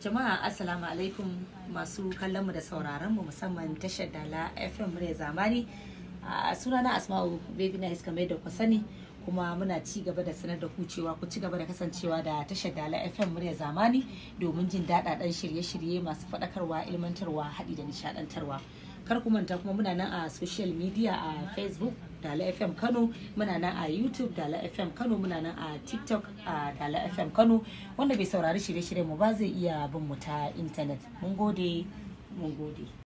jama'a assalamu alaikum masu kallon mu da sauraron mu musamman tashar dala fm murya zamani a sunana asma'u baby nice kamar da ku sani kuma muna ci gaba da sanar da ku cewa ku ci gaba da kasancewa da tashar dala fm murya zamani domin jin daɗaɗan shirye-shirye masu faɗakarwa ilmantarwa haɗi da nishaɗantarwa kar ku manta kuma muna nan a social media a facebook dala fm kano muna nan a youtube dala fm kano muna nan a tiktok a dala fm kano wanda bai saurari shirye-shiryen mu ba zai iya bin mu ta intanet mun gode mun gode